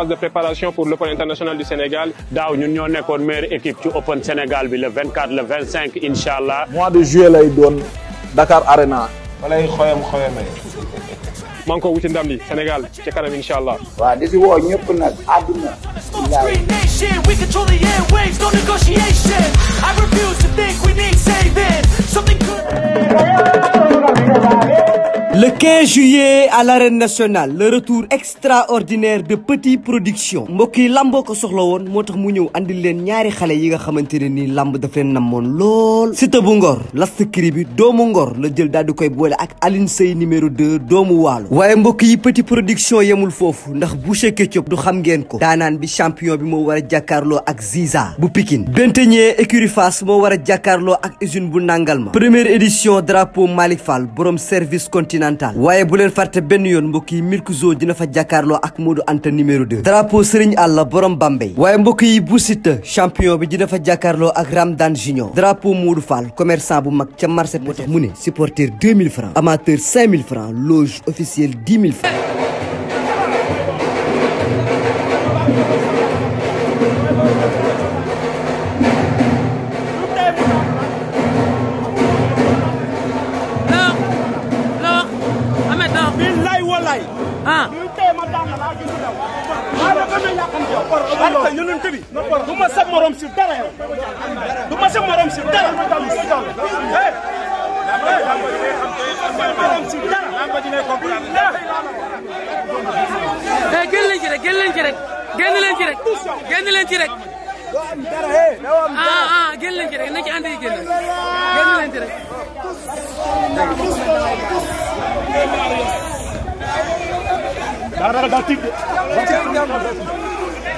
phase de préparation pour l'Open international du Sénégal daaw ñun ñoo nekkoon meilleure équipe ci Open Sénégal bi le 24 le 25 incha mois de juillet lay doon Dakar Arena. walay xoyam xoyame. maa ko wuti ndam li Sénégal ci kanam incha allah. waaw I refuse to think we need saving. Something good. la 15 juillet à l'arène nationale le retour extraordinaire de Petit Production mbokk yi lamboo ko soxla woon moo tax mu ñëw andil leen ñaari xale yi nga xamante ne nii lamb daf leen namoon lool Siteu bu Ngor lastkri bi doomu Ngor la jël daal di koy boole ak alin Sey numéro 2 doomu waalo waaye mbokk yi Petit Production yemul foofu ndax bu Boucher Ketchup du xam ngeen ko daanaan bi champion bi moo war a jàkkaarloo ak Ziza bu Pikine Benteñe écurie Fass moo war a jàkkaarloo ak usine bu nangal ma première édition drapeau Malick Fall service continent continental waaye bu leen fàtte benn yoon mbokk yi Milkzo dina fa jàkkaarloo ak Modou Anta numéro 2 drapeau Serigne Alla borom Bambey waaye mbokk yi Bou Siteu champion bi dina fa jàkkaarloo ak Ramdan Junior drapeau Modou Fall commerçant bu mag ca marché moo tax mu ne supporter 2000 francs amateur mil francs loge officielle 10 000 francs barka yonent bi ma sa si dara yow du ma sa morom si dara eh génn leen ci rek génn leen ci rek génn leen ci rek génn leen ci rek ah ah na ci ànd yi génn génn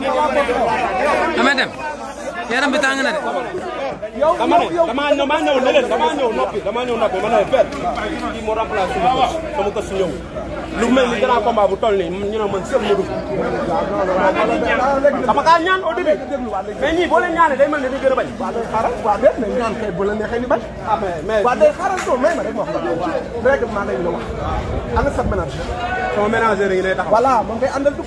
damay dem yaram bi tàng na de. dama ne damaa ñëw damaa ñëw ne leen damaa ñëw noppi damaa ñëw noppi ma ne père kii moo remplacé sama kër sama kër su ñëw lu mel ni grand combat bu toll nii ñu ne man sëb ma dugg. dama kaa ñaan au début mais ñii boo leen ñaanee day mel ni dañu gën a bañ. waaw day xaaral waaw day nañu ñaan kay bu la neexee ni bañ. ah mais mais waaw day xaaral soo may ma rek ma wax dëgg yàlla. règlement lañu la wax. ana sa ménage. sama ménageur yi lay taxaw. voilà moom kay àndal dugg.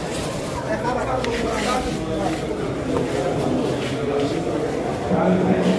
Thank you.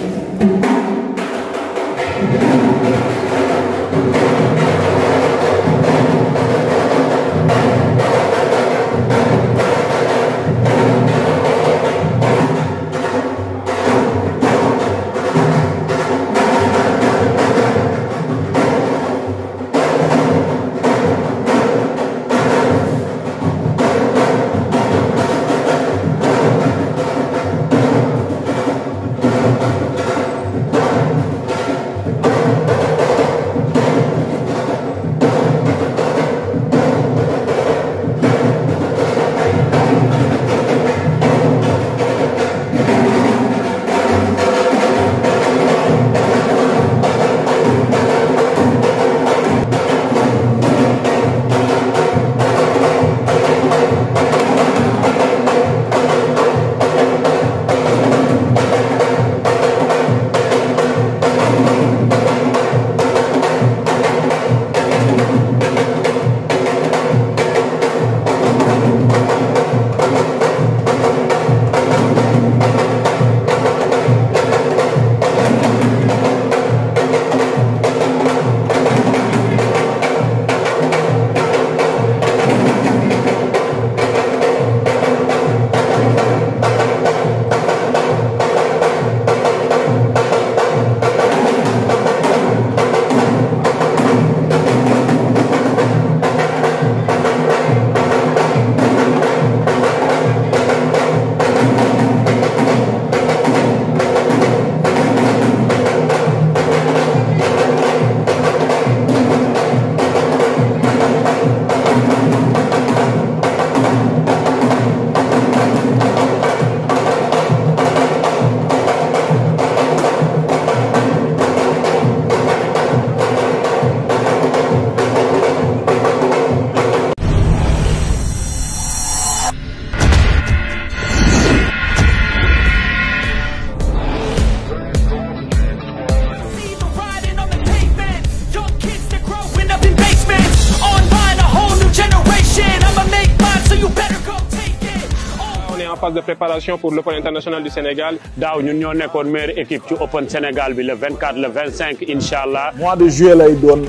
phase de préparation pour l'Open international du Sénégal. daaw ñun ñoo nekkoon meilleure équipe ci Open Sénégal bi le 24 le 25 incha allah. mois de juillet lay doon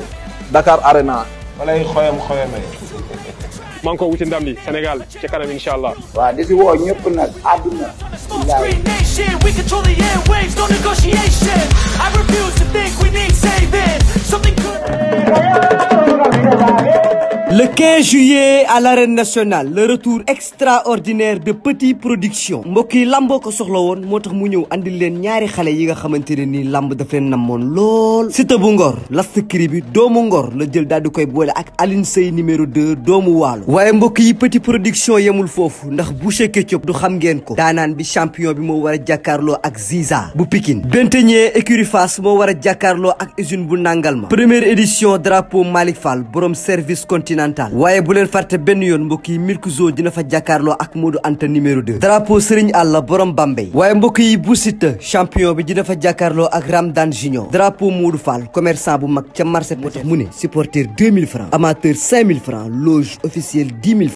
Dakar Arena. walay xoyam xoyamee. maa ngi ko wuti ndam li Sénégal ci kanam incha allah. waaw di si woo ñëpp nag àdduna. I refuse to think we need saving. Something good. Le 15 juillet à l'arène nationale le retour extraordinaire de Petit Production mbokk yi lamboo ko soxla woon moo tax mu ñëw andil leen ñaari xale yi nga xamante ne nii lamb daf nammoon namoon lool Siteu bu Ngor lastkri bi doomu Ngor la jël daal di koy boole ak Aline Seye numéro 2 doomu waalo waaye mbokk yi Petit Production yemul foofu ndax Boucher Ketchup du xam ngeen ko daanaan bi champion bi moo war a jàkkaarloo ak Ziza bu Pikine Benteñe écurie Fass moo war a jàkkaarloo ak usine bu Nangalma première édition drapeau Malick Fall borom service continental continental waaye bu leen fàtte benn yoon mbokk yi Milkzo dina fa jàkkaarloo ak Modou Anta numéro 2 drapeau Serigne Alla borom Bambey waaye mbokk yi Bou Siteu champion bi dina fa jàkkaarloo ak Ramdan Junior drapeau Modou Fall commerçant bu mag ca marché moo mu ne supporter 2000 francs amateur 5000 francs loge officielle